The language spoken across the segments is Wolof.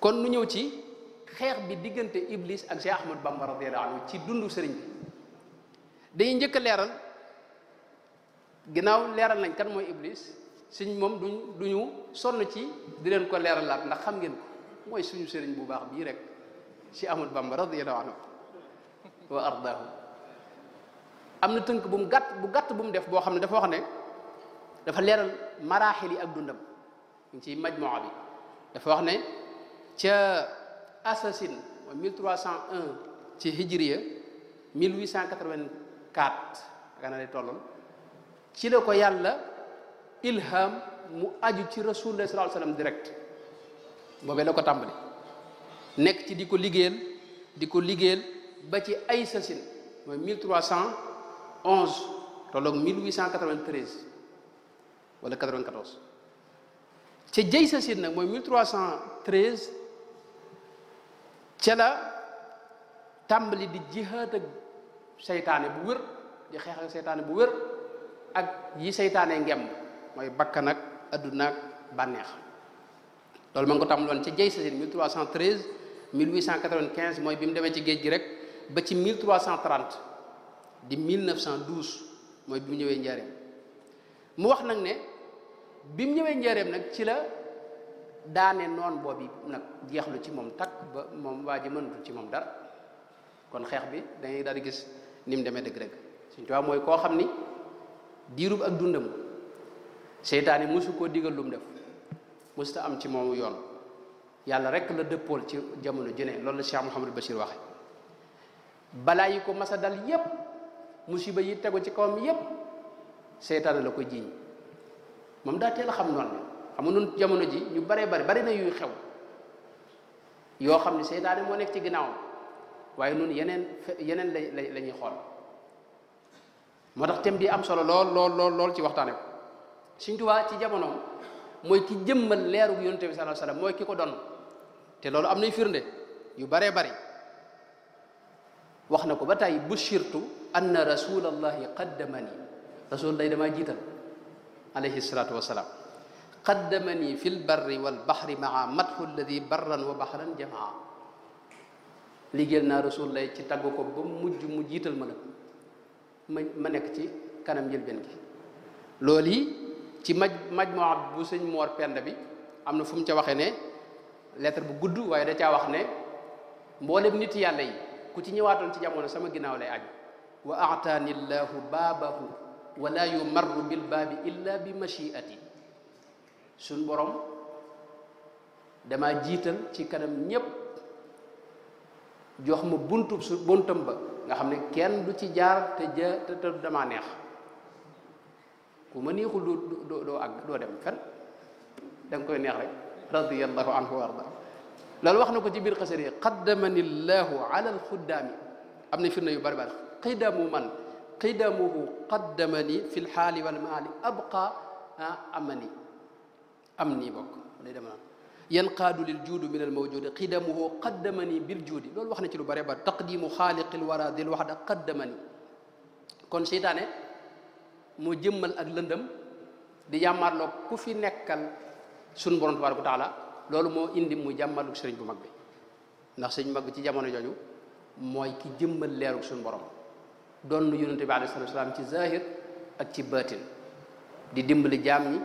kon nu ñëw ci xeex bi diggante Iblis ak Cheikh Ahmad Bamba radiyallahu anhu ci dundu sëriñ bi dañuy njëkk leeral ginnaaw leeral nañ kan mooy Iblis suñ moom duñ duñu sonn ci di leen ko leeral leeralaat ndax xam ngeen ko mooy suñu sëriñ bu baax bii rek Cheikh Ahmad Bamba radiyallahu anhu wa ardaahu am na tënk bu mu gàtt bu mu def boo xam ne dafa wax ne dafa leeral maraaxil yi ak dundam ñu ci majmuwa bi dafa wax ne ca Assassin mooy 1301 ci hijriya 1884 gana lay tolloon ci la ko yàlla ilham mu aju ci rasulullah sallallahu alayhi wasallam direct boobee la ko tàmbali nekk ci di ko liggéeyal di ko liggéeyal ba ci ay sasin mooy 1311 tolloog 1893 wala 94 ca jëy sasin nag mooy ci la tambali di jihad ak shaytané bu wër di xex ak shaytané bu wër ak yi shaytané ngem moy bakka nak aduna ak banex lol ma ngi ko tàmbaloon ca jey sasin 1313 1895 moy bimu démé ci géej gi rek ba ci 1330 di 1912 moy bimu ñëwé ñëwee mu wax nak né bimu ñëwé ñëwee nak ci la daane noon boobu nag jeexlu ci moom tak ba moom waa ji mënatul ci moom dar kon xeex bi dañuy daal di gis ni mu demee dëgg-dëgg suñ tubaab mooy koo xam ni diirub ak dundam seytaane musu koo digal lu mu def musta am ci mom yoon yàlla rek la dëppool ci jamono jëne loolu la cheikh mouhamadou bachir waxe balaa yi ko masa dal yépp musiba yi tegu ci kawam yépp seytaane la ko jiñ moom daa teel xam noonu xam nga nun jamono ji ñu bare bari bari na yuy xew yoo xam ne seytaane moo nekk ci ginnaawam waaye nun yeneen yeneen la la ñuy xool moo tax thème bi am solo lool lool lool lool ci waxtaane ko Sëñ Tuubaa ci jamonoom mooy ki jëmmal leeru yonent bi sallallahu alayhi wasallam mooy ki ko doon te loolu am nay firnde yu baree bari wax na ko ba tey bushirtu anna rasulallahi qaddamani rasul day damaa jiital alayhi salaatu wasalaam قدمني في البر والبحر مع مدح الذي برا وبحرا جمعا لجلنا رسول الله تي تاغوكو بوم موج موجيتال ما نك ما نك تي كانام جيل بن كي لولي تي مج مجموع بو سيغ مور بند بي امنا فوم تي واخي ني لتر بو غودو واي دا تي واخ ني مبولم نيت يالا يي كو تي نيواتون تي جامونو سما غيناو لاي اج واعطاني الله بابه ولا يمر بالباب الا بمشيئته suñ borom dama jiital ci kanam ñépp jox ma buntu su buntam ba nga xam ne kenn du ci jaar te ja te te dama neex ku ma doo doo dem fen da koy neex rek radiyallahu anhu wa arda loolu wax na ko ci biir xasida yi qaddamani llahu ala alxuddaami am na firna yu bari bari qidamu man qidamuhu qaddamani fi lxaali walmaali abqa ah, amani امني بوك ني دما ينقاد للجود من الموجود قدمه قدمني بالجود لول واخنا سي لو بري با تقديم خالق الورى ذي الوحده قدمني كون شيطان مو جمل اك لندم دي يامار لو كو في نيكال سون بورون تبارك وتعالى لول مو اندي مو جمالو سيرن بو ماغبي ناخ سيرن ماغ تي جامونو جوجو موي كي جمال ليرو سون بوروم دون يونس تبارك الله عليه الصلاه تي ظاهر اك تي باطن دي ديمبلي جامي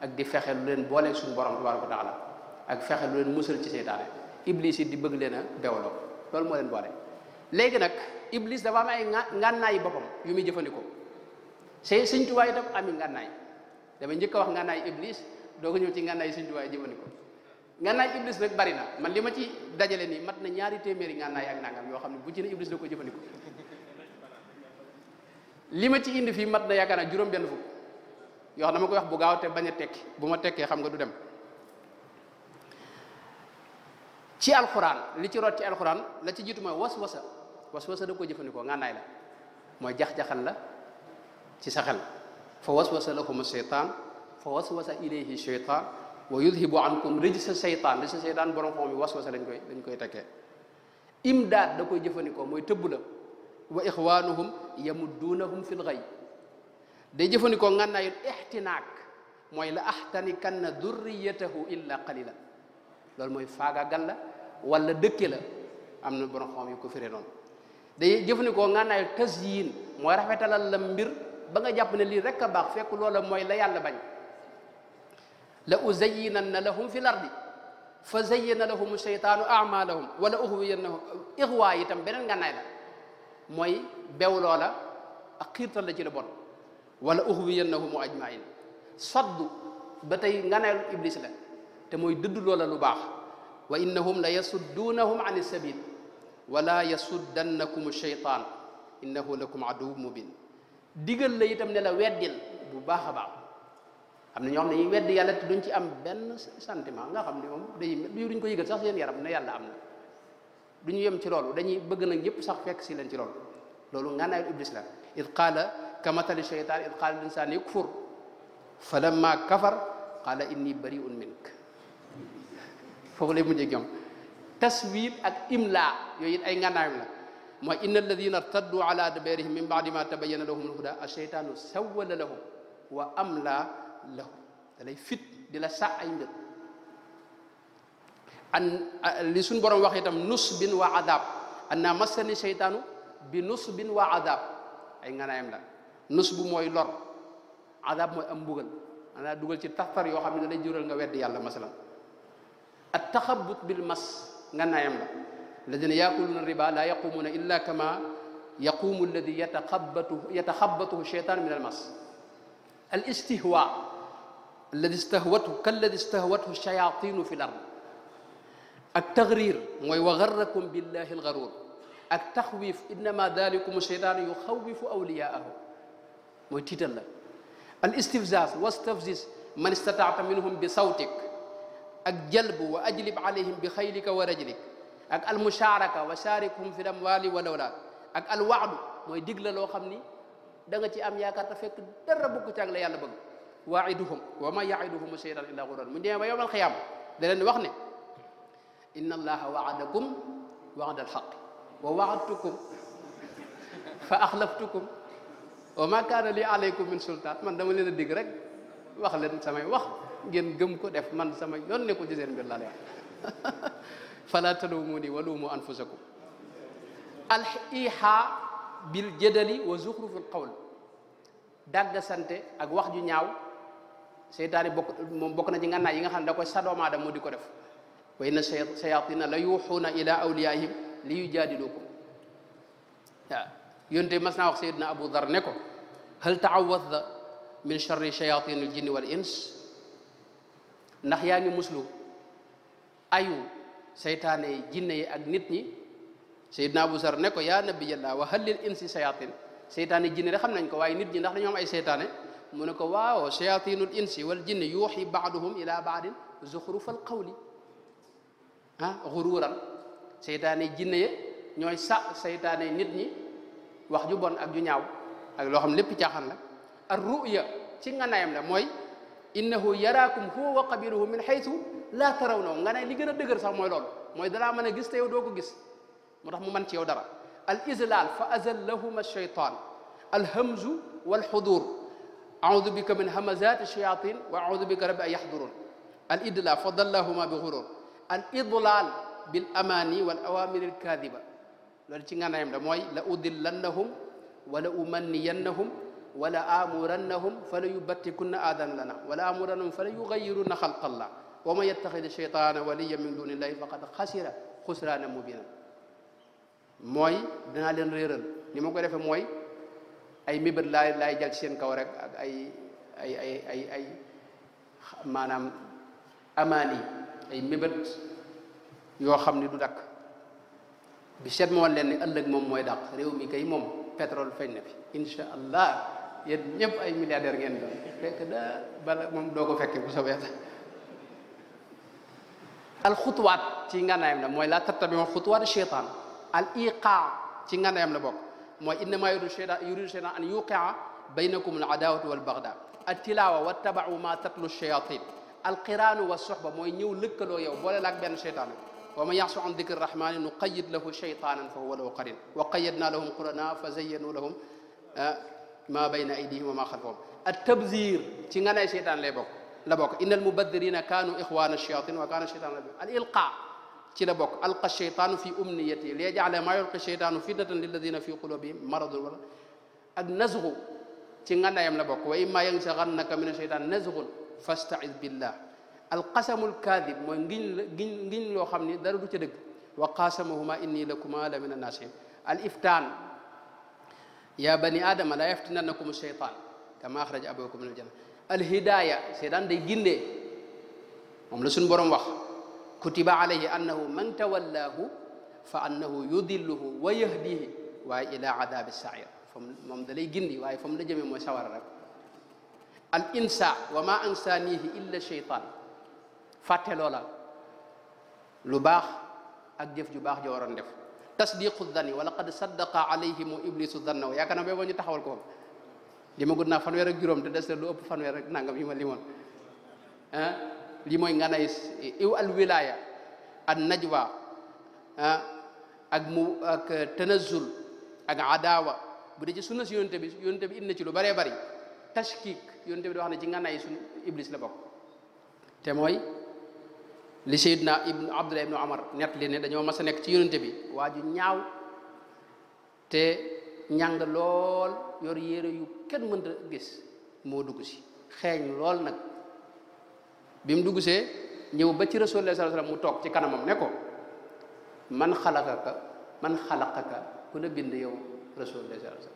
ak di fexe lu len bolé suñu borom tabaraka taala ak fexe lu len musal ci seytaane iblis yi di bëgg leena dewlo lol mo len bolé légui nak, iblis dafa am ay ngannaay bopam yu mi jëfëndiko sey señ tuba itam ami ngànnaay dama njëkk wax ngannaay iblis do ko ñëw ci ngànnaay sëñ tubaa jëfëndiko ngannaay iblis nag bari na man lima ci dajalé ni mat na ñaari téméri ngannaay ak nangam yo xamni bu ci ne iblis da ko jëfëndiko lima ci indi fi mat na yakana juroom benn fuk yoo dama koy wax bu gaaw te bañ a tekki bu ma tekkee xam nga du dem ci alxuraan li ci rot ci alxuraan la ci jiitu mooy waswasa waswasa da ko jëfandikoo ngànnaay la mooy jax-jaxal la ci sa xel fa waswasa foo seytaan fa waswasa ilayhi seytaan wa yudhibu ankum rijsa seytaan rijsa seytaan borom xam mi waswasa lañ koy dañ koy tekkee imdaad da koy jëfandikoo mooy tëbb la wa ixwanuhum yamudduunahum fi lxay day jëfandikoo ngànnaayul ixtinaak mooy la axtanikanna durriyatahu illa qalilan loolu mooy faagagal la wala dëkke la am na borom xam yu ko féré noonu day jëfandikoo ngànnaayul tasyin mooy rafetalal la mbir ba nga jàpp ne lii rek a baax fekk loola mooy la yàlla bañ la uzayinanna lahum fi lardi fa zayyana lahum sheytaanu amalahum wala uxwiyannahum ixwaa itam beneen ngànnaay la mooy bew loola ak xiirtal la ci lu bon ولا أهوينهم أجمعين صد بتي غنال إبليس لا تموي دد لولا لباخ وإنهم لا يصدونهم عن السبيل ولا يصدنكم الشيطان إنه لكم عدو مبين ديغل لا يتم نلا ويدل بو باخا با امنا نيوم ني ويد يالا دون سي ام بن سنتيمان غا خامني موم داي ديو دنج كو ييغال صاح سين يارام نا يالا امنا دون يم سي لولو داني بيغ نا ييب صاح فيك سي لن سي لولو لولو غانا ابليس لا اذ قال كمثل الشيطان إذ قال الإنسان يكفر فلما كفر قال إني بريء منك فوق لي مجي جوم تسويب اك املاء يوجد اي غنايم لا ما ان الذين ارتدوا على ادبارهم من بعد ما تبين لهم الهدى الشيطان سول لهم واملى لهم دالاي فيت دي لا سا اي مبر ان لي سون بروم واخ يتام نصب وعذاب ان مسني الشيطان بنصب وعذاب اي غنايم لا nus bu mooy lor adab mooy am mbugal maanaa dugal ci taxtar yoo xam ne dalay jural nga wedd yàlla masalan at taxabut bil mas nga nayam la الذين ياكلون الربا لا يقومون الا كما يقوم الذي يتخبطه يتخبطه الشيطان من المس الاستهواء الذي استهوته كالذي استهوته الشياطين في الارض التغرير وغركم بالله الغرور التخويف انما ذلكم الشيطان يخوف اولياءه موي تيتال الاستفزاز واستفزز من استطعت منهم بصوتك الجلب واجلب عليهم بخيلك ورجلك اك المشاركه وشاركهم في الاموال والاولاد اك الوعد موي ديغلا لو خامني داغا تي ام ياكار تا فك دار بوك تاغ لا يالا بوك واعدهم وما يعدهم شيئا الا غرور من يوم القيامه دا لن واخني ان الله وعدكم وعد الحق ووعدتكم فاخلفتكم wa ma kaana li aleykum min sultaan man dama leen a dig rek wax leen samay wax ngeen gëm ko def man sama yoon ne ko ci seen mbir laa leen fala talumuni walumu anfusakum al ihaa bil jadali wa zuxrufil qawl dagga sante ak wax ju ñaaw seytaane bokk moom bokk na ci ngànnaay yi nga xam ne da koy sadoom aadam moo di ko def wa inna shayatina la yuxuuna ila awliyaihim li yujaadilukum waaw يونتي مسنا وخ سيدنا ابو ذر نكو هل تعوذ من شر شياطين الجن والانس نخ ياغي مسلو ايو سيطان جن اي اك نيت ني سيدنا ابو ذر نكو يا نبي الله وهل للانس شياطين سيطان جن ري خمنا نكو واي نيت ني نخ نيوم اي سيطان مونكو واو شياطين الانس والجن يوحي بعضهم الى بعض زخرف القول ها غرورا سيطان جن ني نوي سا سيطان نيت ني wax ju bon ak ju ñaaw ak lo xam lépp caaxaan la ar ruya ci nga nayam la moy innahu yarakum huwa wa qabiruhu min haythu la taraw nga nay li gën a sax moy lool moy dalaa mën a gis te yow doo ko gis motax mu man ci yow dara al izlal fa azallahuma shaytan al hamzu wal hudur a'udhu a'udhu bika min ash-shayatin wa bika أعوذ an yahdurun al idla وأعوذ بك bi ghurur al idlal bil amani wal awamir al kadhiba loolu ci ngànnaayam la mooy la udillannahum wala umanniyannahum wala amurannahum fala yubattikunna aadan lana wala amurannahum fala yugayirunna xalqallah wa man yattaxid cheytaana waliya min dunillahi faqad xasira xusraana mubina mooy danaa leen réeral ni ma ko defee mooy ay mébét laay laay jal ci seen kaw rek ak ay ay ay ay ay maanaam amaani ay mébét yoo xam ni du dakk bi seet moo leen ni ëllëg moom mooy dàq réew mi kay moom pétrole feeñ na fi incha allah yéen ñëpp ay milliardaire ngeen doon fekk da bala moom doo ko fekkee bu soobee al xutuwaat ci nganaayam la mooy la tattabiu xutuwaat cheytaan al iqaa ci nganaayam la bokk mooy innama yuridu cheytaan yuridu cheytaan an yuqia baynakum al adawatu wal bagda al tilaawa wa tabaau ma tatlu chayatin al qiraanu wa soxba mooy ñëw lëkkaloo yow boole laak benn cheytaan ومن يعص عن ذكر الرحمن نقيد له شيطانا فهو له قرين وقيدنا لهم قرناء فزينوا لهم آه، ما بين ايديهم وما خلفهم التبذير تيغانا شيطان لي بوك لا بوك ان المبذرين كانوا اخوان الشياطين وكان الشيطان لبوك. الالقاء تي لا بوك القى الشيطان في امنيته ليجعل ما يلقي الشيطان فتنه للذين في قلوبهم مرض ولا النزغ تيغانا يم لا بوك واما ينزغنك من الشيطان نزغ فاستعذ بالله القسم الكاذب موي غين غين لو خامني دارو دو تي وقاسمهما اني لكما لمن الناصحين الافتان يا بني ادم لا يفتننكم الشيطان كما اخرج ابوكم من الجنه الهدايه سيدان داي غين موم لا بوروم واخ كتب عليه انه من تولاه فانه يضله ويهديه والى عذاب السعير موم دالاي غيندي واي فم لا جيمي مو سوار رك الانسان وما انسانيه الا شيطان fàtte lola lu bax ak def ju bax ja waron def tasdiqu dhanni wa laqad saddaqa alayhim iblisu dhanna yaakaar naa boo ñu taxawal ko dima gudna gudd naa ak jurom te dessel na lu ëpp fanweer ak nangam yima limon hein li moy nga nay iw al wilaya an najwa hein ak mu ak tanazzul ak adawa bu de ci sunna yonte bi yonte bi inna ci lu bare bare tashkik yonte bi da wax ne ci nga nay sun iblis la bok te moy li Seydina ibnu Abdullah ibnu Omar nett li ne dañoo mas a nekk ci yonente bi waa ju ñaaw te ñàng lool yor yére yu kenn mënta gis moo dugg si xeeñ lool nag bi mu dugg see ñëw ba ci rasulullah sallallahu alayhi mu toog ci kanamam ne ko man xalaqaka man xalaqaka ku la bind yow rasulullah sallallahu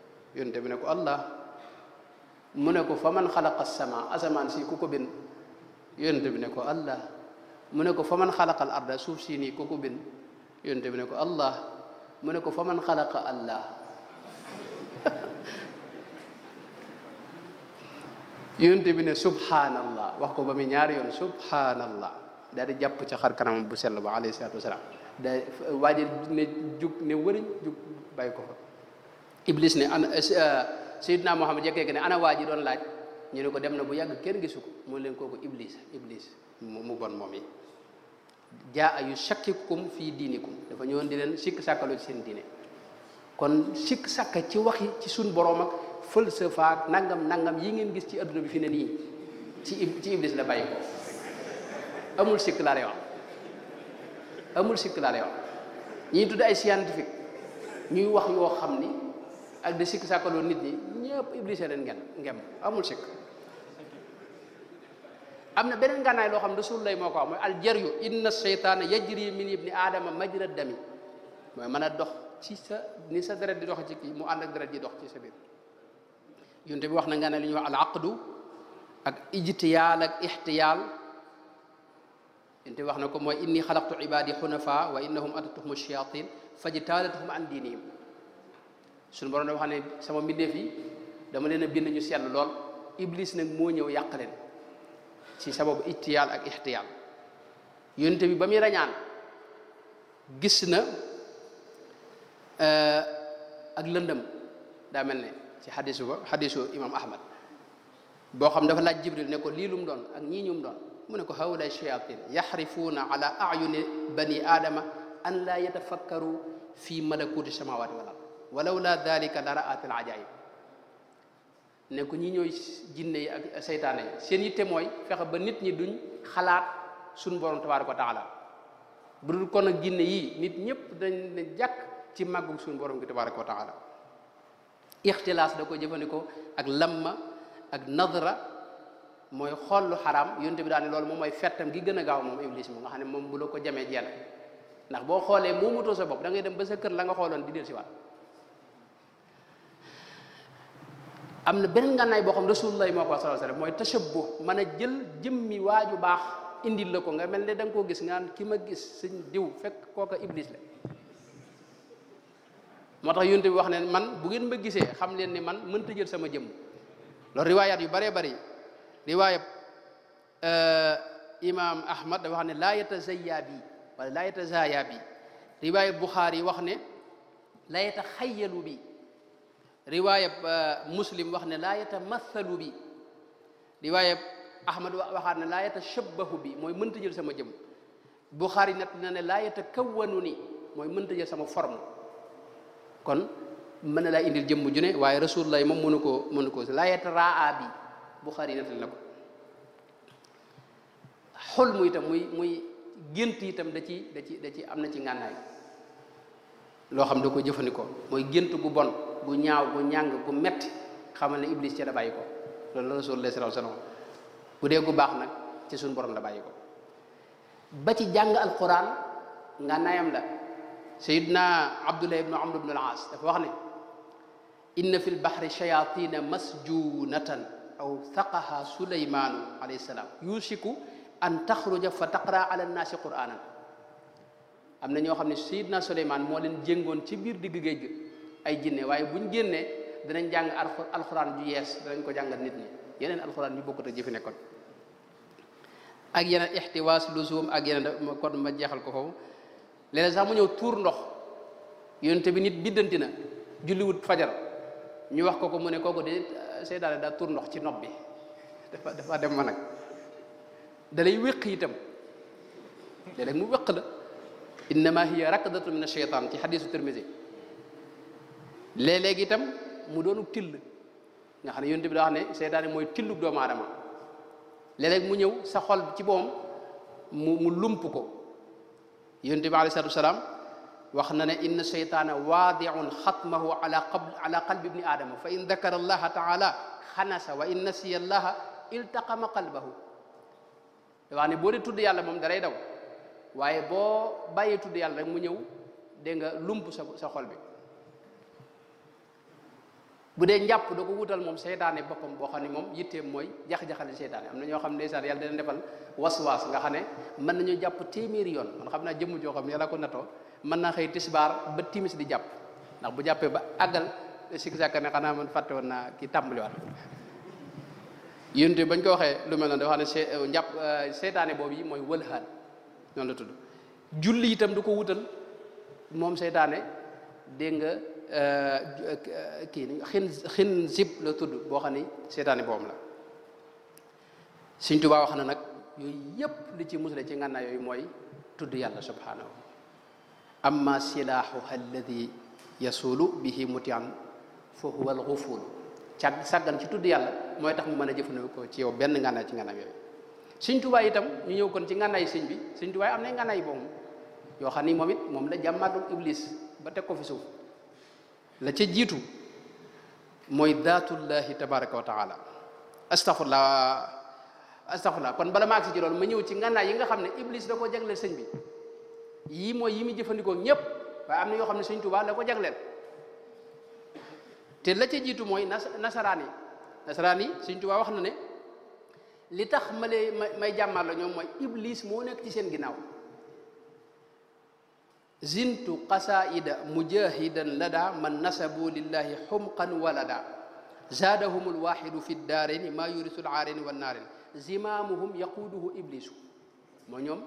alayhi bi ne ko allah mu ne ko fa man xalaqa sama asamaan si ku ko bind yonente bi ne ko allah mu ne ko fa man arda suf si nii ku yonte bi allah mu ko allah yonte bi ne subhanallah wax ko Yun ñaar yon subhanallah Dari japp ci xar kanam bu sel ba alayhi salatu wasalam da waaje ne juk ne juk iblis ne ana eh, sayidna muhammad jekke ne ana waa don laaj ñu ne ko dem na bu yag kenn gisu iblis iblis mu bon momi ja ayu shakikum fi dinikum dafa ñëwoon di len sik sakalu ci seen kon sik sak ci waxi ci sun borom ak falsafa nangam nangam yi ngeen gis ci aduna bi fi ne ni ci ci iblis la bayiko amul sik la rew amul sik la rew ñi tudd ay scientifique ñuy wax yo xamni ni ak de sik sakalu nit ñi ñepp iblis leen ngeen ngem amul sik am na beneen ngànnaay loo xam ne rasul lay moo ko am mooy aljaryu inna seytaana yajri min ibni aadama majra dami mooy mën a dox ci sa ni sa deret di dox ci kii mu ànd ak di dox ci sa biir yunte bi wax na nga ne li ñuy wax ak ijtiyaal ak ixtiyaal yunte bi wax na ko mooy inni xalaqtu ibadi xunafa wa innahum atatuhum shayatin fajtaalatuhum an diinihim suñu borom da wax ne sama mbindeef yi dama leen a bind ñu sell lool iblis nag moo ñëw yàq leen ci sababu ittiyal ak ihtiyal yonte bi ba muy rañaan gis na euh ak lëndëm da melne ci hadithu ba hadithu imam ahmad bo xam dafa laaj jibril ne ko li lum don ak ñi ñum don mu ne ko hawla shayatin yahrifuna ala ayuni bani adama an la yatafakkaru fi malakuti samawati wal ard walawla dhalika dalika la al ajaib ne ko ñi ñëw jinne yi ak seytaane yi seen yitte mooy fexe ba nit ñi duñ xalaat suñu borom tabaaraka ko taala bu dul kon ak jinne yii nit ñëpp dañ ne jàkk ci màggug suñu borom gi tabaaraka wa taala ixtilaas da ko jëfandikoo ak lamma ak nadra mooy xool lu xaraam yonte bi daane loolu moom mooy fettam gi gën a gaaw moom iblis moom nga xam ne moom bu la ko jamee jeen ndax boo xoolee moomu too sa bopp da ngay dem ba sa kër la nga xooloon di dellusiwaat am na beneen ngànnaay boo xam rasulullah moo ko sallallahu alayhi wasallam mooy tashabbu mën a jël jëmmi waaju baax indil la ko nga mel ne danga nga koo gis ngaan ki ma gis sëñ diw fekk kooka iblis la moo tax yonte bi wax ne man bu ngeen ma gisee xam leen ni man mënta jël sama jëmm loolu riwaayaat yu baree bari riwaayab euh, imaam ahmad wax ne laa yatazaya bi wala laa yatazaya bi riwaayab buxaari yi wax ne laa yataxayalu bi riwaayab uh, muslim wax ne laa yatamathalu bi riwaayab ahmad waxaat ne laa yatashabbahu bi mooy mënta jël sama jëm buxaari nat na ne laa yatakawanu ni mooy mënta jël sama forme kon mën na laa indil jëm mu june waaye rasulullah moom mënu koo mënu koo si laa yataraa bi buxaari nat na ko xool mu itam muy muy gént itam da ci da ci da ci am na ci ngànnaay loo xam da ko jëfandikoo mooy gént bu bon bu ñaaw bu ñàng gu metti xamal ne iblis ci la bàyyi ko loolu la rasulullah sallallahu alayhi wasallam bu dee gu baax nag ci suñu borom la bàyyi ko ba ci jàng alquran nga nayam la abdullah ibn amr ibn al-as dafa wax ne inna fil bahri shayatin masjunatan aw thaqaha sulayman alayhi salam yushiku an takhruja fa taqra ala an-nas qur'anan amna ñoo xam sulayman leen jengon ci bir ay jinne waaye buñ génnee danañ jàng alxuraan ju yees danañ ko jàngal nit ñi yeneen alxuraan yu bokkut ak jëfi nekkoon ak yeneen ixtiwaas lusum ak yeneen kon ma jeexal ko foofu léeg sax mu ñëw tuur ndox yonte bi nit biddanti na julliwut fajar ñu wax ko ko mu ne kooku de euh, seytaane daa tuur ndox ci nopp bi dafa dafa dem ma nag dalay wéq itam léeg mu wéq la innama hiya rakdatun min asheytaan ci xadisu Tirmisi léeg-léeg itam mu doonu till nga xam ne yonent bi daa wax ne seytaane mooy tillug doomu aadama léeg-léeg mu ñëw sa xol ci boom mu mu lump ko yonent bi alayhi salaatu wasalaam wax na ne inna seytaana waadiun xatmahu ala qab ala qalbi ibni aadama fa in dakara allaha taala xanasa wa in nasiya allaha iltaqama qalbahu da wax ne boo dee tudd yàlla moom daray daw waaye boo bàyyee tudd yàlla rek mu ñëw dégg nga lump sa sa xol bi bu dee njàpp da ko wutal moom seytaane boppam boo xam ne moom yitteem mooy jax-jaxale seytaane am na ñoo xam ne ndeysaan yàlla dina defal waswaas nga xam ne mën nañoo jàpp téeméeri yoon man xam naa jëmm joo xam ne yàlla ko natoo mën naa xëy tisbaar ba timis di jàpp ndax bu jàppee ba àggal sikk sàkk ne xanaa fàtte woon naa ki tàmbaliwaat yéen bañ ko waxee lu mel noonu dafa xam ne euh, njàpp euh, seytaane boobu yi mooy wëlhaan noonu la tudd julli itam du ko wutal moom seytaane dégg nga Euh, kii xin xin zib la tudd boo xam ni seetaani boom la Sëñ Tuubaa wax na nag yooyu yépp li ci musale ci ngànnaay yooyu mooy tudd yàlla subhaanahu amma silaaxuha alladi yasuulu bihi mutian fa huwa alxufuul càgg sàggan ci tudd yàlla mooy tax mu mën a jëfandikoo ci yow benn ngànnaay ci ngànnaay yooyu Sëñ Tuubaa itam kon ci ngànnaay sëñ bi Sëñ Tuubaa am na ngànnaay boobu yoo xam ni moom it moom la jàmmaatu iblis ba teg ko fi suuf la ca jiitu mooy daatullahi tabaraka wa taala astaghfirullah astaghfirullah kon bala ma agsi ci loolu ma ñëw ci ngànnaay yi nga xam ne iblis da ko jagleel sëñ bi yii mooy yi muy jëfandikoo ñëpp waaye am na yoo xam ne sëñ Tuubaa la ko jagleel te la ca jiitu mooy nasaraan yi nasaraan yi sëñ wax na ne li tax ma lay may jàmmaar la ñoom mooy iblis moo nekk ci seen ginnaaw zintu qasaida mujahidan lada man nasabu lillahi xumqan walada zaadahum alwaxidu fi daarini maa yurisu alaarini wannaarini zimaamuhum yaquuduhu iblisu moo ñoom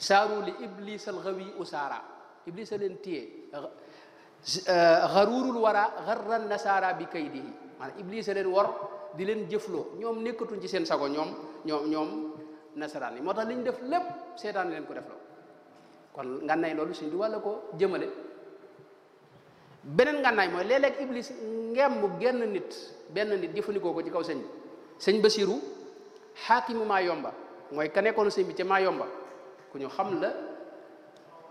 saaru li iblis alxawi usaara iblis a leen téye xaruurul euh, wara xarran nasaara bi kaydihi maanaam iblis a leen wor di leen jëfloo ñoom nekkatuñ ci seen sago ñoom ñoom ñoom nasaraan yi moo tax li ñu def lépp seetaan leen ko defloo kon ngànnaay loolu sëñ bi wàlla ko jëmale beneen ngànnaay mooy léeg-léeg iblis ngemb genn nit benn nit jëfandikoo ko ci kaw sëñ bi sëñ Basiru xaakimu maa yomba mooy ka nekkoon sëñ bi ca maa yomba ku ñu xam la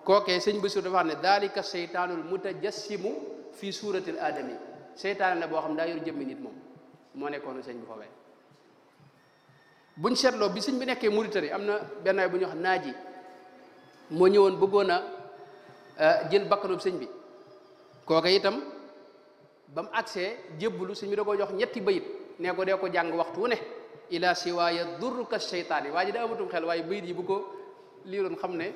kookee sëñ Basiru dafa xam ne daalika seytaanul mutajassimu fii suuratil aadami seytaan la boo xam daa yor jëmmi nit moom moo nekkoon sëñ bi foofee buñ seetloo bi sëñ bi nekkee Mauritanie am na benn bu ñu wax naaji moo ñëwoon bëggoon a euh, jël bakkanub sëñ bi kooka itam ba mu agsee jébbulu sëñ bi da koo jox ñetti bayit nee ko dee ko jàng waxtu wu ne ila siwaaya durruka seytaani waa ji da amatum xel waaye bayit yi bu ko liiroon xam ne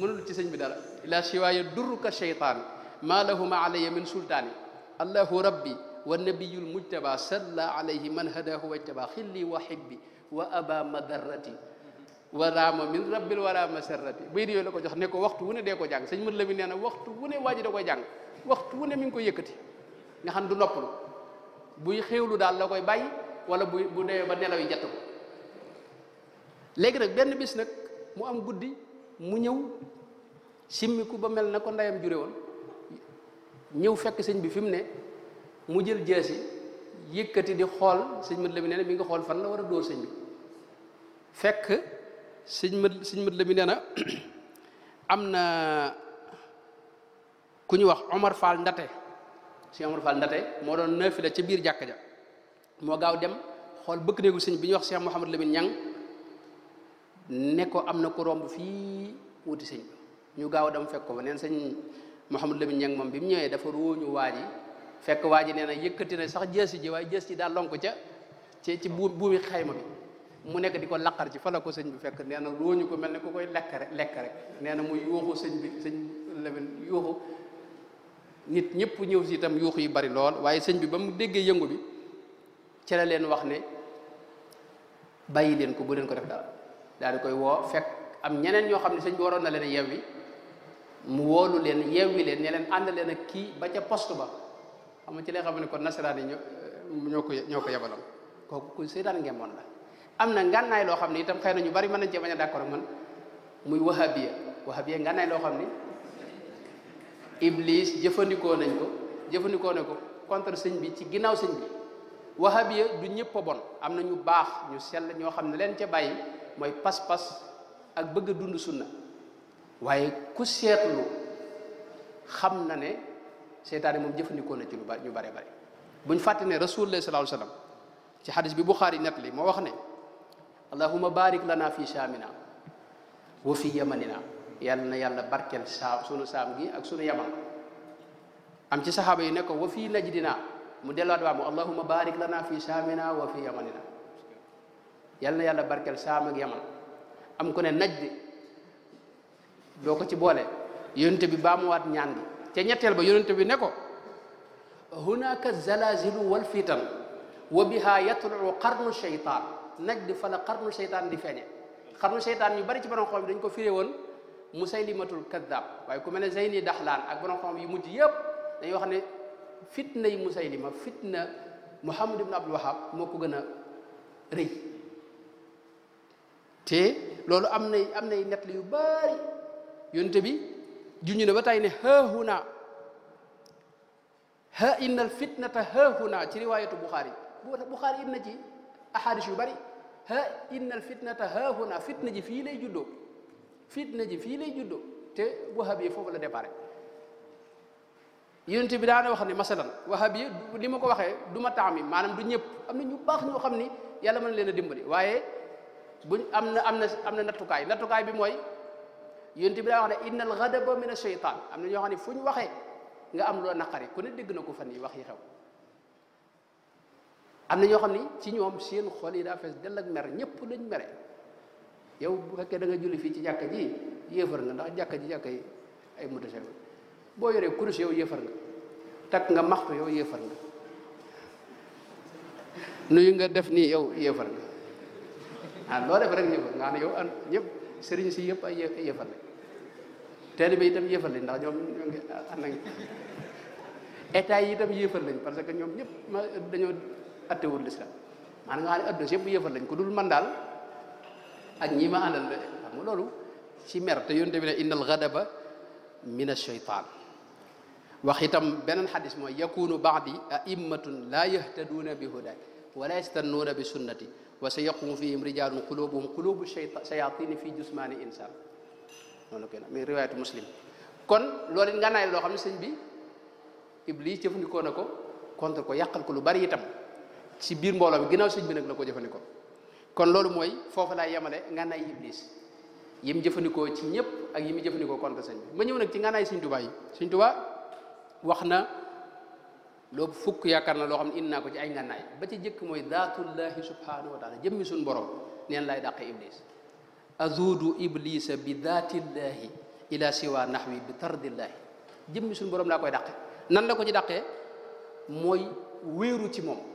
mënul ci sëñ bi dara ila siwaaya durruka seytaani maa lahuma alayya min sultaani allahu rabbi wa nabiyul mujtaba salla alayhi man hadahu wajtaba xilli wa xibbi wa aba madarrati waraama min rabbil wara masarrati bay yooyu la ko jox ne ko waxtu wu ne dee ko jàng sëñ mën la mi nee na waxtu wu ne waa ji da koy jàng waxtu wu ne mi ngi koy yëkkati nga xam du noppalu buy xéewlu daal la koy bàyyi wala bu bu dee ba nelaw yi léegi nag benn bis nag mu am guddi mu ñëw simmiku ba mel na ko ndeyam jure woon ñëw fekk sëñ bi fi mu ne mu jël jeesi yëkkati di xool sëñ mën la mi nee mi ngi xool fan la war a dóor sëñ bi fekk sëñ mët sëñ mët la mi nee na am na ku ñu wax Omar Fall Ndate si Omar Fall Ndate moo doon naafila ca biir jàkk ja moo gaaw dem xool bëkk néegu sëñ bu ñuy wax Cheikh Mouhamadou Lamine Niang ne ko am na ku romb fii wuti sëñ ñu gaaw dem fekk ko neen sëñ Mouhamadou Lamine Niang moom bi mu ñëwee dafa róoñu waa fekk waa ji nee na yëkkati na sax jësi ji waaye jës ji daal lonk ca ci ci buumi xayma bi mu nekk di ko laqar ci fa la ko sëñ bi fekk nee na looñu ko mel ne ku koy lekk rek lekk rek nee na mu yuuxu sëñ bi sëñ Lamin yuuxu nit ñëpp ñëw si itam yuuxu yi bari lool waaye sëñ bi ba mu déggee yëngu bi ci la leen wax ne bàyyi leen ko bu leen ko def dara daal di koy woo fekk am ñeneen ñoo xam ne sëñ bi waroon na leen yewwi mu woolu leen yewwi leen ne leen ànd leen ak kii ba ca post ba xam nga ci lay xam ne kon nasaraan yi ñoo ko ñoo ko yebalam kooku ku seytaan ngemoon la am na ngànnaay loo xam ne itam xëy na ñu bari mën nañ cee bañ a d'accord man muy wahabiya wahabiya ngànnaay loo xam ne iblis jëfandikoo nañ ko jëfandikoo nañ ko contre sëñ bi ci ginnaaw sëñ bi wahabiya du ñëpp bon am na ñu baax ñu la ñoo xam ne leen ca bàyyi mooy pas-pas ak bëgg dund sunna waaye ku seetlu xam na ne seytaane moom jëfandikoo na ci lu bari ñu bare bare buñ fàtte ne rasulullah sallallahu alayhi wasallam ci xadis bi Buxaari net li moo wax ne اللهم بارك لنا في شامنا وفي يمننا yàlla na yàlla barkeel saam sunu saam gi ak sunu yaman am ci saxaaba yi ne ko wa fii najdina mu delluwaat waa mu allahuma barik lana fi saamina wa fi yamanina yàlla na yàlla barkeel saam ak yaman am ku ne najd doo ko ci boole yonente bi baamuwaat ñaan gi te ñetteel ba yonente bi ne ko hunaka zalazilu wal fitan wa biha yatlu qarnu shaytan nag di fa la xarnu seytaan di feeñe xarnu seytaan yu bari ci borom xoom yi dañ ko firé woon musaylimatul kaddaab waaye ku mel ne zeyni daxlaan ak borom xoom yu mujj yëpp dañuy wax ne fitna yi musaylima fitna muhammad ibn abdul wahab moo ko gën a rëy te loolu am nay am nay nett yu bari yonte bi juñu ne ba tey ne haahuna ha inna al fitnata haahuna ci riwaayatu buxaari buxaari it na ci احاديث يو باري ها ان الفتنه ها هنا فتنه جي في لي جودو فتنه جي في لي جودو تي وهابي فوفو لا ديبار يونتي بي دانا واخني مثلا وهابي ديما كو واخه دوما تامي مانام دو نييب امنا نيو باخ ньо خامني يالا مان لينا ديمبالي وايي بو امنا امنا امنا نتوكاي نتوكاي بي موي يونتي بي دا واخني ان الغضب من الشيطان امنا ньо خاني فوني واخه nga am lo nakari ku ne deg na ko fan yi wax yi xew am na ñoo xam ni ci ñoom seen xol yi daa fees dell ak mer ñëpp dañ mere yow bu fekkee da nga julli fii ci jàkka ji yéefar nga ndax jàkka ji jàkka yi ay mutase boo yoree kurus yow yéefar nga takk nga maxtu yow yéefar nga def nii yow yéefar nga ah loo def rek yéefar nga ne yow an ñëpp sëriñ si yëpp ay yéefar la taalibe yi itam yéefar lañ ndax ñoom ñoo ngi ah, ànd yi itam yéefar lañ parce que ñoom ñëpp dañoo attewul lislaam man nga xam ne adduna si yëpp yëfal lañ ko dul man daal ak ñi ma àndal de xam nga loolu ci mer te yonte bi ne innal ghadaba min ash-shaytaan wax itam beneen xadis mooy yakunu baadi aimmatun laa yahtaduuna bi hudaay wala yastannuuna bi sunnati wa sa yaqumu fihim rijalun qulubuhum qulubu shayatini fi jusmaani insan noonu koy na mi riwaayatu muslim kon loolu it nga naay loo xam ne sëñ bi iblis jëfandikoo na ko contre ko yàqal ko lu bari itam ci biir mbooloo mi ginnaaw sëñ bi nag la ko jëfandikoo kon loolu mooy foofu laay yemale ngànnaay iblis yi mu jëfandikoo ci ñëpp ak yi mu jëfandikoo contre ma ñëw nag ci ngànnaay sëñ Tuubaa yi sëñ Tuubaa wax na loo fukk yaakaar na loo xam ne indi naa ko ci ay ngànnaay ba ci jëkk mooy daatullahi subhanahu wa taala jëmmi suñ borom neen laay dàqe iblis azuudu iblisa bi daatillahi ila siwa nahwi bi tardillahi jëmmi suñ borom laa koy dàqe nan la ko ci dàqee mooy wéeru ci moom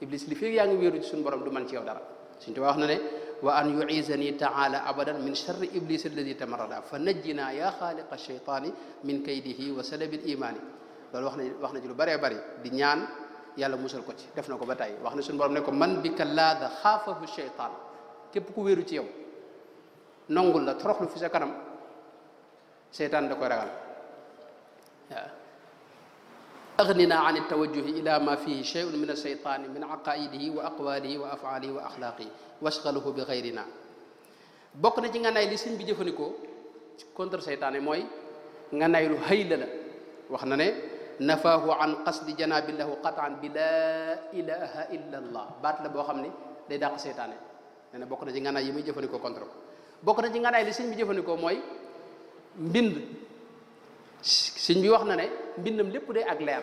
iblis li feeg yaa wéru ci sun borom du man ci yow dara suñ tuba wax na ne wa an yuizani taala abadan min sharri iblis alladhi tamarrada fa najjina ya xaaliqa cheytaani min kaydihi wa salabi al-iman loolu wax na wax na ci lu bare bare di ñaan yàlla musal ko ci def na ko ba tay wax na sun borom ne ko man bi ka laada xaafahu shaytan kep ku wéru ci yow nongul la toroxlu fi sa kanam shaytan da koy ragal waaw أغننا عن التوجه إلى ما فيه شيء من الشيطان من عقائده وأقواله وأفعاله وأخلاقه واشغله بغيرنا بقنا جي غناي لي سين بي كونتر شيطان موي غناي لو هيلا لا واخنا نفاه عن قصد جناب الله قطعا بلا اله الا الله بات لا بو خامني داي داق شيطان نانا بقنا جي غناي يمي كونتر بقنا جي غناي سين بي موي بند سين بي واخنا ني مبنم ليپ داي اك لير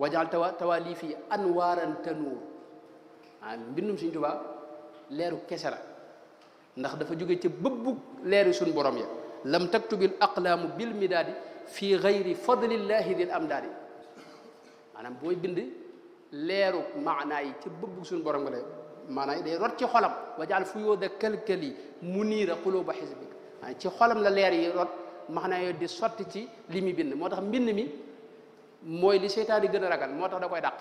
وجال توا توالي في انوار تنور ان مبنم سين توبا ليرو كسرا ناخ دا فا جوغي تي ببوك ليرو سون بوروم يا لم تكتب الاقلام بالمداد في غير فضل الله ذي الامداد انا بوي بند ليرو معناي تي ببوك سون بوروم لا معناي داي روت تي خولم وجال فيو ذا كلكلي منير قلوب حزبك تي خولم لا لير روت maxnaa yooyu di sotti ci li muy bind moo tax mbind mi mooy li seytaan di gën a ragal moo tax da koy dàq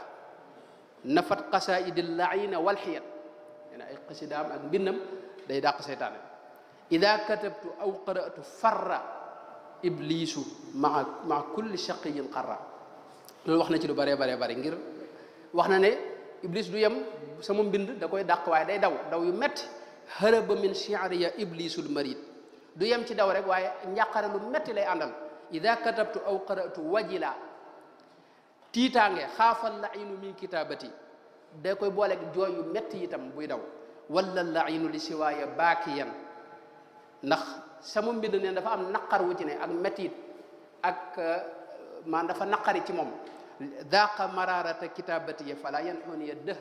nafat qasaidi laina walxiyat nee na ay xasidaam ak mbindam day dàq seytaane ida katabtu aw qaratu farra iblisu maa maa kulli shaqiyin qarra loolu wax na ci lu bare bare bare ngir wax na ne iblis du yem sama mbind da koy dàq waaye day daw daw yu metti haraba min shiariya iblisul marid du yam ci daw rek waye ñakara lu metti lay àndal idha katabtu aw qara'tu wajila titange khafal lainu min kitabati da koy booleeg joy yu metti itam buy daw walla lainu li siwaya baakiyan ndax samu mbind ne dafa am nakar wu ci ne ak metti ak maan dafa nakari ci mom dhaqa mararata kitabatiya fala yanxuniya yadah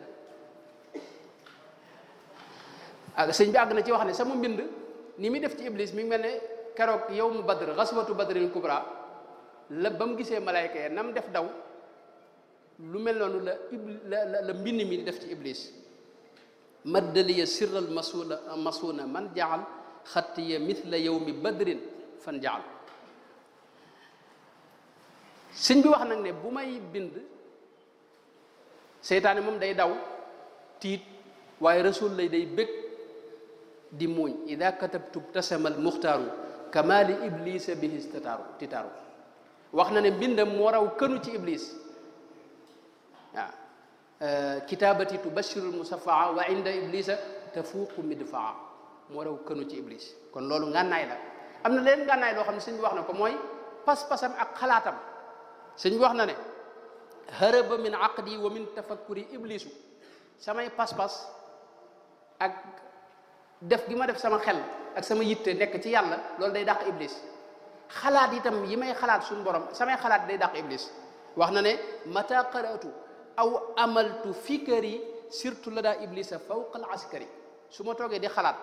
ak sëñ bi ag na ci wax ne samu mbind ni mi def ci iblis mi melne mel yawm badr yow badr al kubra la bam mu malaika malayka nam def daw lu mel nonu la ibli la la mi def ci iblis maddaliya al masuna masuna man ja'al xattiya mithla yawm badr fan ja'al sëñ bi wax nak ne bu may bind seytaane mom day daw tit waye rasul lay day bekk di muuñ ida katabtub tasamal muxtaaru kamaali iblisa bihi tataaru titaaru wax na ne mbindam moo raw kënu ci iblis waaw euh, kitaabati tubashiru musafaa wa inda iblisa tafuuqu midfaa moo raw kënu ci iblis kon loolu ngànnaay la am na leen ngànnaay loo xam ne sëñ bi wax na ko mooy pas-pasam ak xalaatam sëñ bi wax na ne haraba min aqdi wa min tafakkuri iblisu samay pas-pas ak def gi ma def sama xel ak sama yitte nekk ci yàlla loolu day dàq iblis xalaat itam yi may xalaat suñu borom samay xalaat day dàq iblis wax na ne mata qaratu aw amaltu fikari surtout la daa iblisa fawqa al askari su ma toogee di xalaat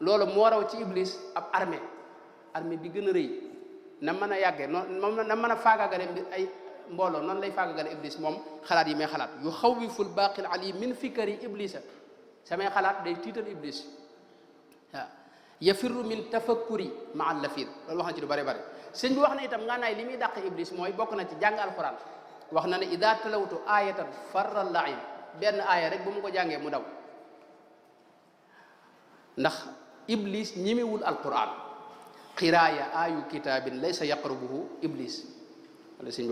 loolu moo raw ci iblis ab armée armée bi gën a rëy na mën a yàggee noonu na mën a faagagale ay mbooloo noonu lay faagagale iblis moom xalaat yi may xalaat yu xawwiful baaqil ali min fikari iblisa samay xalaat day tiital iblis waaw yafirru min tafakkuri ma allafid loolu wax na ci lu bari bari sëñ bi wax na itam nga naay li muy daq iblis mooy bokk na ci jàng alquran wax na ne ida talawtu ayatan farra benn aaya rek mu ko jàngee mu daw ndax iblis ñimiwul alquran qiraaya ayu kitaabin laysa yaqrubuhu iblis wala sëñ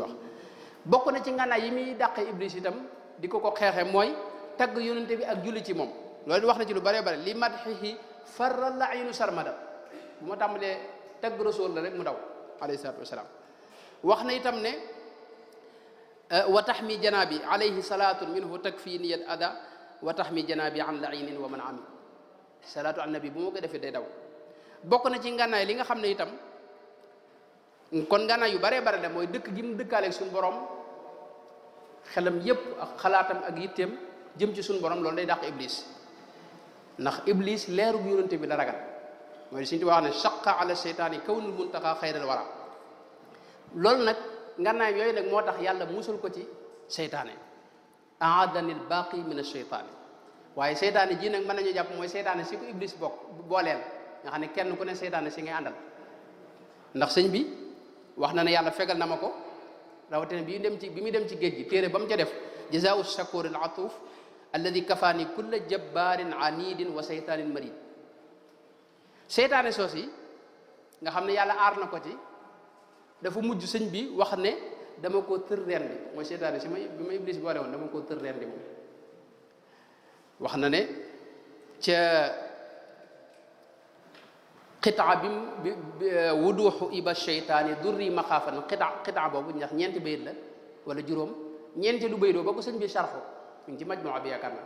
bi na ci nga naay yi muy dàq iblis itam di ko ko xeexee mooy tag yonente bi ak julli ci mom loolu wax na ci lu bare bare li madhihi farra la sarmada buma tambalé tag rasul la rek mu daw alayhi salatu wassalam wax na itam ne wa tahmi janabi alayhi salatu minhu takfini niyal ada wa tahmi janabi an la'in wa man ami salaatu an nabi bu moko defé day daw bokk na ci nganaay li nga xamné itam kon ngana yu bare bare da moy dëkk gi mu dëkkaaleeg sun borom xelam yep ak khalatam ak yitteem jëm ci suñu borom loolu day dàq iblis ndax iblis leeru bu yonente bi la ragal mooy suñu tubaab wax ne chaqa ala seytaani kawnul muntaqa xayral wara loolu nag ngannaay yooyu nag moo tax yàlla musul ko ci seytaane ahadanil baqi min asheytaani waaye seytaane ji nag mën nañu jàpp mooy seytaane si ko iblis bokk booleel nga xam ne ku ne seytaane si ngay àndal ndax sëñ bi wax na ne yàlla fegal na ma ko rawatina bi dem ci bi muy dem ci géej gi téere ba mu ca def jazaa'u shakuril atuuf الذي كفاني كل جبار عنيد وشيطان مريد seytaane سوسي nga xamne yàlla ar nako ci dafa mujj sëñ bi wax ne dama ko teur rendi moy setan ci may bima iblis bo woon dama ko teur rendi mo wax na ne ci qita bi wuduhu iba shaytan durri maxaafan qita qita bobu ñax ñent beyd la wala juróom ñent lu beydo bako ko sëñ bi sharfo mi ngi ci majmuwa bi yaakaar na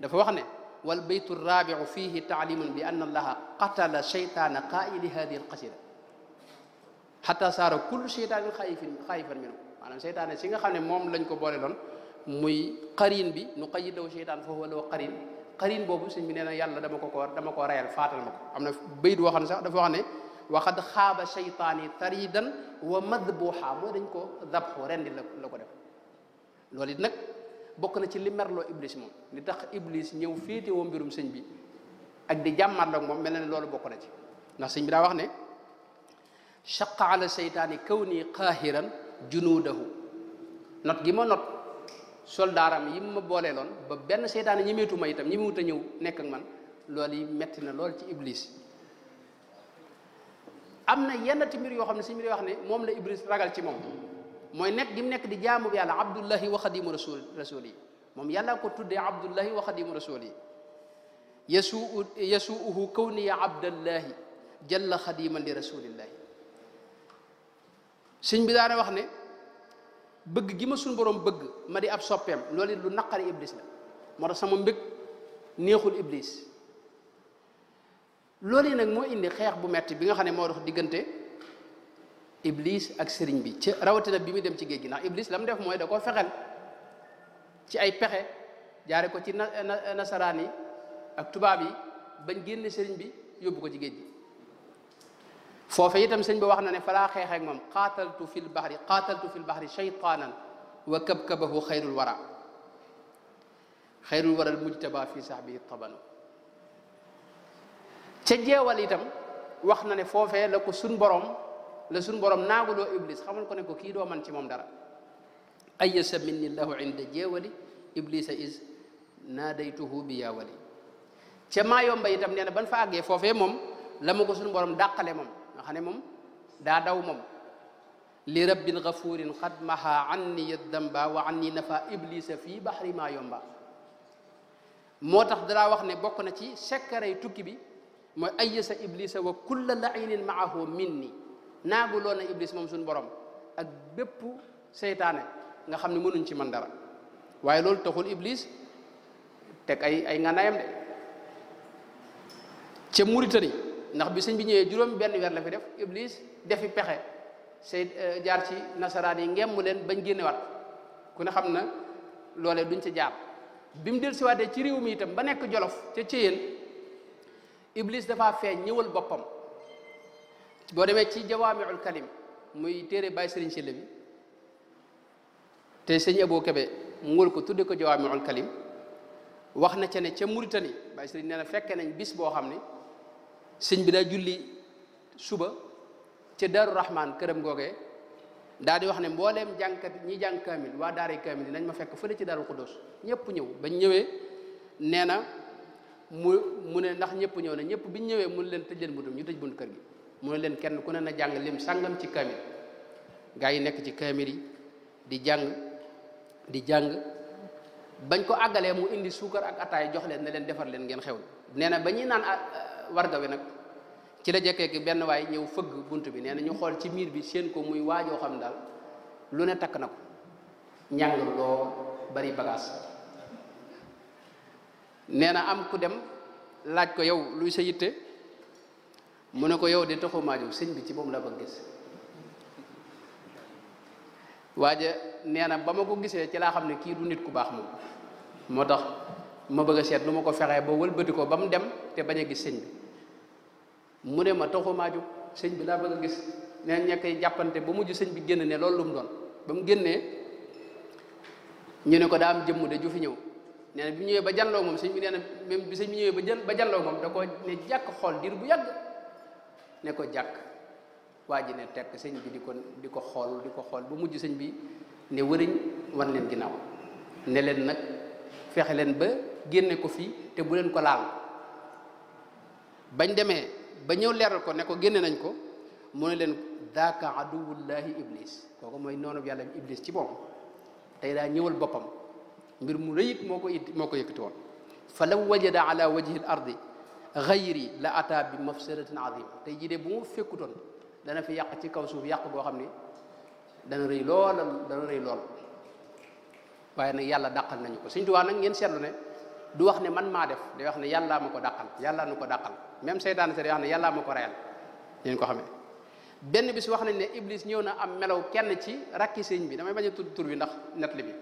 dafa wax ne wal baytu rabiu fihi taalimun bi anna allaha qatala sheytaana qaili hadihi alqasida xata saara kullu sheytaanin xaayifin xaayifan minhu maanaam sheytaane si nga xam ne moom lañ ko boole doon muy qarin bi nu qayidaw sheytaan foofu wala qarin qarin boobu sëñ bi nee na yàlla dama ko ko dama ko reyal faatal ma ko am na bayit woo xam ne sax dafa wax ne waxad xaaba sheytaani taridan wa madbuha mooy dañ ko dabxu rendi la la ko def loolu it nag bokk na ci li merlo iblis mom li tax iblis ñëw fété wo mbirum sëñ bi ak di jamar nak mom na lolu loolu bokk na ci ndax sëñ bi da wax ne shaqqa ala seytaani kawni qahiran junudahu not gi mo not soldaram yi ma bolé lon ba ben shaytan ñemeetu ma itam ñemewut ta ñëw nek ak man loolu yi metti na lool ci iblis amna na yenn ti mbir yoo xam sëñ bi wax ne mom la iblis ragal ci mom moy nek gi nek di jaamu yàlla abdullahi wa khadim rasul rasuli mom yàlla ko tudde abdullahi wa khadim rasuli yi yasuu kawni ya abdallahi jalla xadiman li rasulillahi sëñ bi daana wax ne bëgg gi ma suñ borom bëgg ma di ab soppeem loolu lu naqari iblis la moo tax sama mbëg neexul iblis loolu nag moo indi xeex bu metti bi nga xam ne moo dox diggante iblis ak sëriñ bi ci rawatina bi muy dem ci géej ndax iblis lam def mooy da koo fexel ci ay pexe jaare ko ci nasaraan yi ak tubaab yi bañ génne sëriñ bi yóbbu ko ci géej gi itam sëñ bi wax na ne falaa xeex ak moom qaataltu fi lbahri qaataltu fi lbahri shaytaanan wa kabkabahu xayrul wara xayrul wara mujtaba fi sahbihi tabanu ca jeewal itam wax na ne foofe la ko sun borom la sun borom nagulo iblis xamal ko ne ko ki do man ci mom dara ayyasa minni llahu inda jeewali iblisa is naadaytuhu bi ya wali ci ma yomba itam neena ban fa àggee fofé mom lamugo sun borom dakale mom xane mom da daw mom li rabbin gafurin qad maha anni yadamba wa anni nafa iblisa fi bahri ma yomba motax dara wax ne bokk na ci sekkaray tukki bi moy ayyasa iblisa wa kullu lainin maahu minni naagu loon na iblis moom suñu borom ak bépp seytaane nga xam ne mënuñ ci man dara waaye loolu taxul iblis teg ay ay ngànnaayam de ca Muritani ndax bi sëñ bi ñëwee juróomi benn weer la fi def iblis defi pexe say euh, jaar ci nasaraan yi ngem ngemm leen bañ génnewaat ku ne xam na loole duñ ci jaar bi mu del dellusiwaatee ci réew mi itam ba nekk jolof ca Ceyeen iblis dafa feeñ ñëwal boppam boo demee ci jawaamiul kalim muy téere bàyyi sëriñ silla bi te sëñ Abo Kebe ngul ko tudde ko jawaamiul kalim wax na ca ne ca Muritani bàyyi sëriñ nee na fekke nañ bis boo xam ne sëñ bi daa julli suba ca Daaru Rahman këram googee daal di wax ne mbooleem jàngkat ñi jàng kaamil waa daara kaamil yi nañ ma fekk fële ci Daaru Xuddoos ñëpp ñëw bañ ñëwee nee na mu mu ne ndax ñëpp ñëw na ñëpp biñ ñëwee mun leen tëj leen buntum ñu tëj bunt kër gi mu ne leen kenn ku ne na jàng lim sàngam ci kaamil gaa yi nekk ci kaamil yi di jàng di jàng bañ ko àggalee mu indi suukar ak ataay jox leen ne leen defar leen ngeen xewul nee na ba ah, warga wi nag ci la jekkee ki benn waay ñëw fëgg bunt bi nee na ñu xool ci miir bi seen ko muy waajoo xam daal lu ne takk na ko ñàng bari bagas nee am ku dem laaj ko yow luy sa mu ne ko yow de taxumaa jóg sëñ bi ci moom laa bëgg gis waaja nee na ba ma ko gisee ci laa xam ne kii du nit ku baax moom moo tax ma bëgg seet lu ma ko fexee ba wëlbati ko ba mu dem te bañ a gis sëñ bi mu ne ma taxumaa sëñ bi laa bëgg a gis ne ña koy jàppante ba mujj sëñ bi génn ne loolu lu mu doon ba mu génnee ñu ne ko daa am jëmm de ju fi ñëw nee na bi ñëwee ba janloo moom sëñ bi neena même bi sëñ bi ñëwee ba jël ba janloo moom da ko ne jàkk xool diir bu yàgg ne ko jàkk waa ji ne tekk sëñ bi di ko di ko xool di ko xool ba mujj sëñ bi ne wëriñ wan leen ginnaaw ne leen nag fexe leen ba génne ko fii te bu leen ko laal bañ demee ba ñëw leeral ko ne ko génne nañ ko mu ne leen daaka aduwullahi iblis kooku mooy noonu yàlla iblis ci boppam tey daa ñëwal boppam mbir mu rëyit moo ko it moo ko yëkkati woon fa law wajada ala ardi xayri la ata bi mafsadatin azima tey jii de bu mu fekkutoon dana fi yàq ci kaw suuf yàq boo xam ne dana rëy lool dana rëy lool waaye nag yàlla dàqal nañu ko Sëñ Tuubaa nag ngeen seetlu du wax ne man maa def day wax ne yàllaa ko dàqal yàllaa nu ko dàqal même seytaane sa day yàllaa ma ko reyal ngeen ko xamee benn bis wax nañ ne iblis ñëw na am melaw kenn ci rakki sëñ bi damay bañ a tudd tur bi ndax net li bi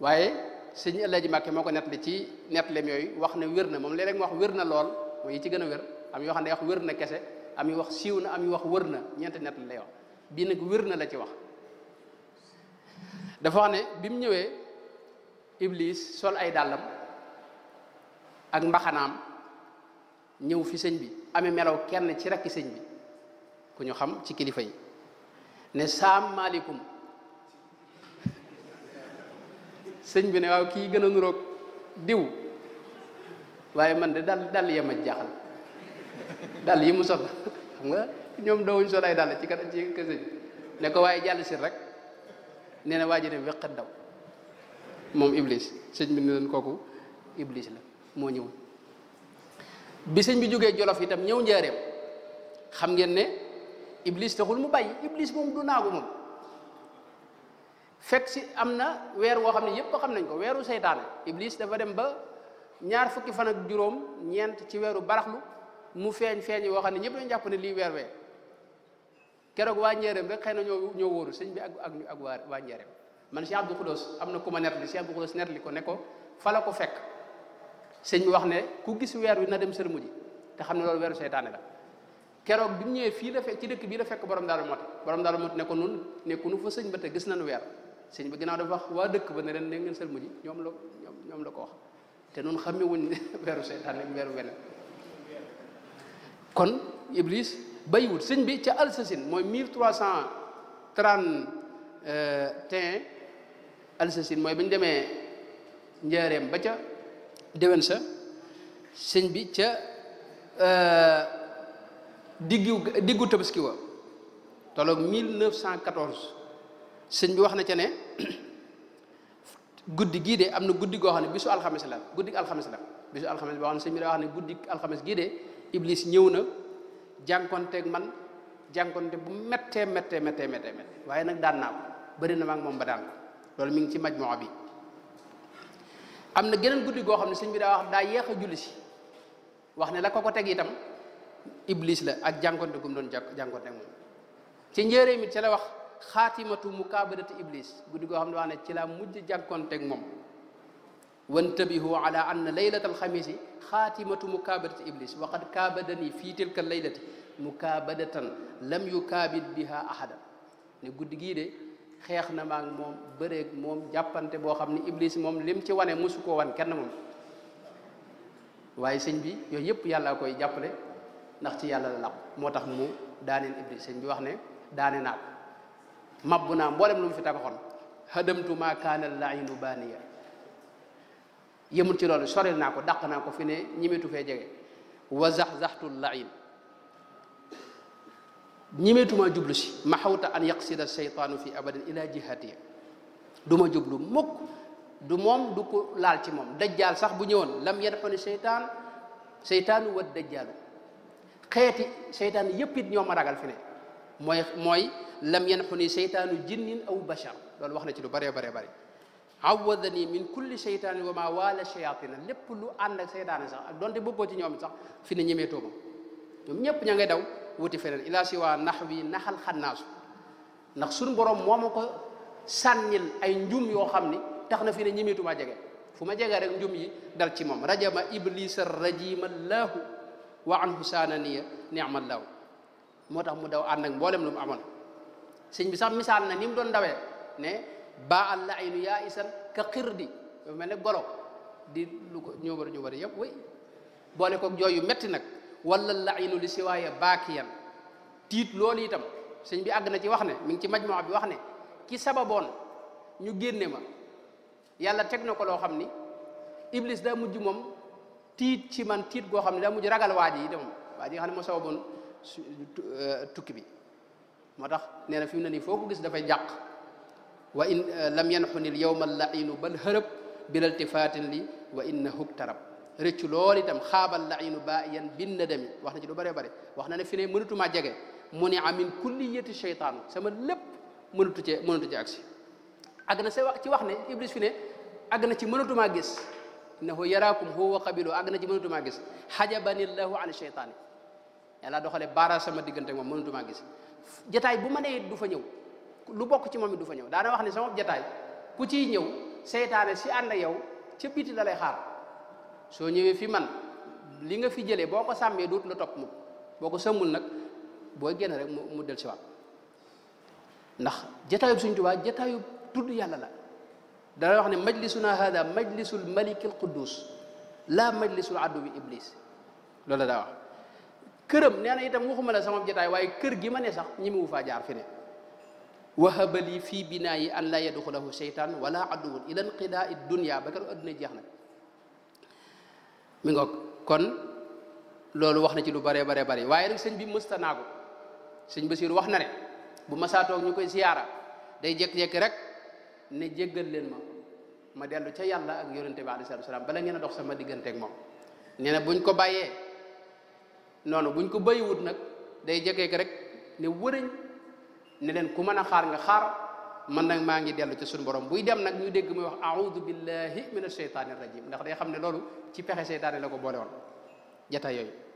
waaye sëñ Alaaji Mbàkke moo ko nettali ci nettaleem yooyu wax ne wér na moom léeg-léeg mu wax wér na lool mooy yi ci gën a wér am yoo xam ne wax wér na kese am yu wax siiw na am yu wax wër na ñeenti nettali lay wax bii nag wër na la ci wax dafa wax ne bi mu ñëwee Iblis sol ay dàllam ak mbaxanaam ñëw fi sëñ bi amee melow kenn ci rakki sëñ bi ku ñu xam ci kilifa yi ne saam maaleykum sëñ bi ne waaw kii gën a nuroog diw waaye man de dal dal yem a jaaxal dal yi mu sol xam nga ñoom dawuñ sol ay dal ci kat ci kësëñ ne ko waaye jàll si rek nee na waa ji ne weqat daw moom iblis sëñ bi ne leen kooku iblis la moo ñëw bi sëñ bi jógee jolof itam ñëw njaareem xam ngeen ne iblis taxul mu bàyyi iblis moom du naagu moom Feksi ci weru na wo woo xam yépp xam nañ ko iblis dafa dem ba ñaar fukki fan ak juroom ñent ci weru baraxlu mu feñ feñ wo xam ne ñëpp japp jàpp ne lii weer wee keroog waa njéeréem rek xëy ñoo ñoo woru señ bi ak ak ak wa waa man cheikh abdou xulos amna kuma net li cheikh abdou net li ko ne ko fa la ko fek señ bi wax ne ku gis wi na dem sër muji te xam ne weru weeru la kérok bi mu ñëwee la fek ci dëkk bi la fek borom daal borom daal ne ko nun nu fa señ ba te gis nañu wer sëñ bi ginaaw dafa wax waa dëkk ba ne leen ne ngeen sëlmu mujj ñoom la ñoom ñoom la ko wax te nun xamee wuñ wéru seytaan ak wéru weneen kon iblis bayiwut sëñ bi ci alsasin mooy 1331 euh, alsasin mooy bañ demee njaareem ba ca déwén sa sëñ bi ca euh, diggu diggu tabaski wa tolloog 1914 sëñ bi wax na ca ne guddi gii de am na guddi goo xam ne bisu alxames la guddi alxames la bisu alxames boo xam ne sëñ bi daa ne guddi alxames gii de iblis ñëw na jànkonteeg man jànkonte bu méttee méttee méttee méttee méttee waaye nag daan naa ko bëri na ma ak moom ba daan ko loolu mi ngi ci majmoo bi am na geneen guddi goo xam ne sëñ bi daa wax daa yeex a julli si wax ne la ko ko teg itam iblis la ak jànkonte gum doon jànkonte moom ci njéeréem it ca la wax xaatimatu mukaabarati iblis guddi goo xam ne wax ne ci laa mujj jànkoonteeg moom wantabihu ala anna laylata alxamisi xaatimatu mukaabarati iblis wa kaabadani fii tilka laylati mukaabadatan lam yukaabid biha ahada ne guddi gii de xeex na maag moom bëreeg moom jàppante boo xam ne iblis moom lim ci wane mosu ko wan kenn moom waaye sëñ bi yooyu yëpp yàlla koy jàppale ndax ci yàlla la làqu moo tax mu daaneel iblis sëñ bi wax ne daane naa mabbu naa mboole lu mu fi tabaxoon hadamtu maa kaana laayinu baaniya yëmul ci loolu soril naa ko dàq naa ko fi ne ñimetu fee jege wa zaxzaxtu laayin ñimetuma jublu si ma xawta an yaqsida seytaanu fi abadin ila jihatiya du jublu mukk du moom du ko laal ci moom dajjaal sax bu ñëwoon lam yadxuni seytaan seytaanu wa dajjaalu xeeti seytaan yépp it ñoo ma ragal fine mooy mooy lam yanxuni seytaanu jinnin aw bachar loolu wax na ci lu bëree bëree bëri awadani min kulli seytaani wa ma waala shayatina lépp lu ànd ak seytaane sax ak donte bokkoo ci ñoom sax fi ne ñemee tooma ñoom ñëpp ña ngay daw wuti feneen ila siwa naxwi naxal xannaasu ndax suñ borom moo ma ko sànnil ay njum yoo xam ni tax na fi ne ñemeetuma jege fu ma jege rek njum yi dal ci moom rajama iblisa rajima allahu wa anhu saananiya niamallahu moo tax mu daw ànd ak mboolem lu amoon sëñ bi sax misaal na ni mu doon dawee ne baa al la aynu yaa isan ka xirdi lu mel ne golo di lu ko ñuubar ñuubar yëpp wéy boole ko jooy yu metti nag wala la aynu li siwaaya baakiyan tiit loolu itam sëñ bi àgg na ci wax ne mi ngi ci majmaa bi wax ne ki sababoon ñu génne ma yàlla teg na ko loo xam ni iblis daa mujj moom tiit ci man tiit goo xam ne daa mujj ragal waa ji yi moom waa sababoon tukki bi motax neena nee na foko gis da fay jàq wa in lam yanhun yanxunil yowma lain bal harab bil tifaatin li wa innahu huk tarab rëccu lol itam xaabal lainu ba yan bin nadam waxna ci lu bare bare waxna ne fi ne mënatumaa jege mu ne amin yati shaytan sama lépp mënatu ci mënatu ci aksi agna se wax ci wax ne iblis fi ne àgg na ci mënatumaa gis انه يراكم هو وقبيله اغنى na ci mënatumaa gis xajabanillahu an cheytaani yàlla doxale baara sama diggante moom maa gis jataay bu ma nee du fa ñëw lu bokk ci moom it du fa ñëw daana wax ne sama jataay ku ciy ñëw seytaane si ànd ak yow ca biti la lay xaar soo ñëwee fi man li nga fi jëlee boo ko sàmmee duut la topp mu boo ko sëmmul nag boo génn rek mu mu del si waat ndax jataayub Sëriñ Tuubaa jataayub tudd yàlla la dana wax ne majlisuna hada majlisul malikil quddus la majlisul addu bi iblis loolu la daa wax këram nee na itam waxuma la sama jotaay waaye kër gi ma ne sax ñi mu faa jaar fi ne wahabali fii binaayi an la yadxulahu seytaan wala aduwun ila nqidaa dunya ba keroog adduna jeex na mi ngoog kon loolu wax na ci lu bare bare bare waaye nag sëñ bi mësta naa ko sëñ Basiir wax na ne bu masaatoog ñu koy siyaara day jékki-jékki rek ne jéggal leen ma ma dellu ca yàlla ak yonente bi alayhi salaatu wa salaam bala ngeen a dox sama digganteeg moom nee na noonu buñ ko bàyyiwut nag day jege rek ne wërëñ ne leen ku mën a xaar nga xaar man nag maa ngi dellu ci suñu borom buy dem nag ñu dégg muy wax audu billahi min asheytaani rajim ndax day xam ne loolu ci pexe seytaane la ko boole woon jata yooyu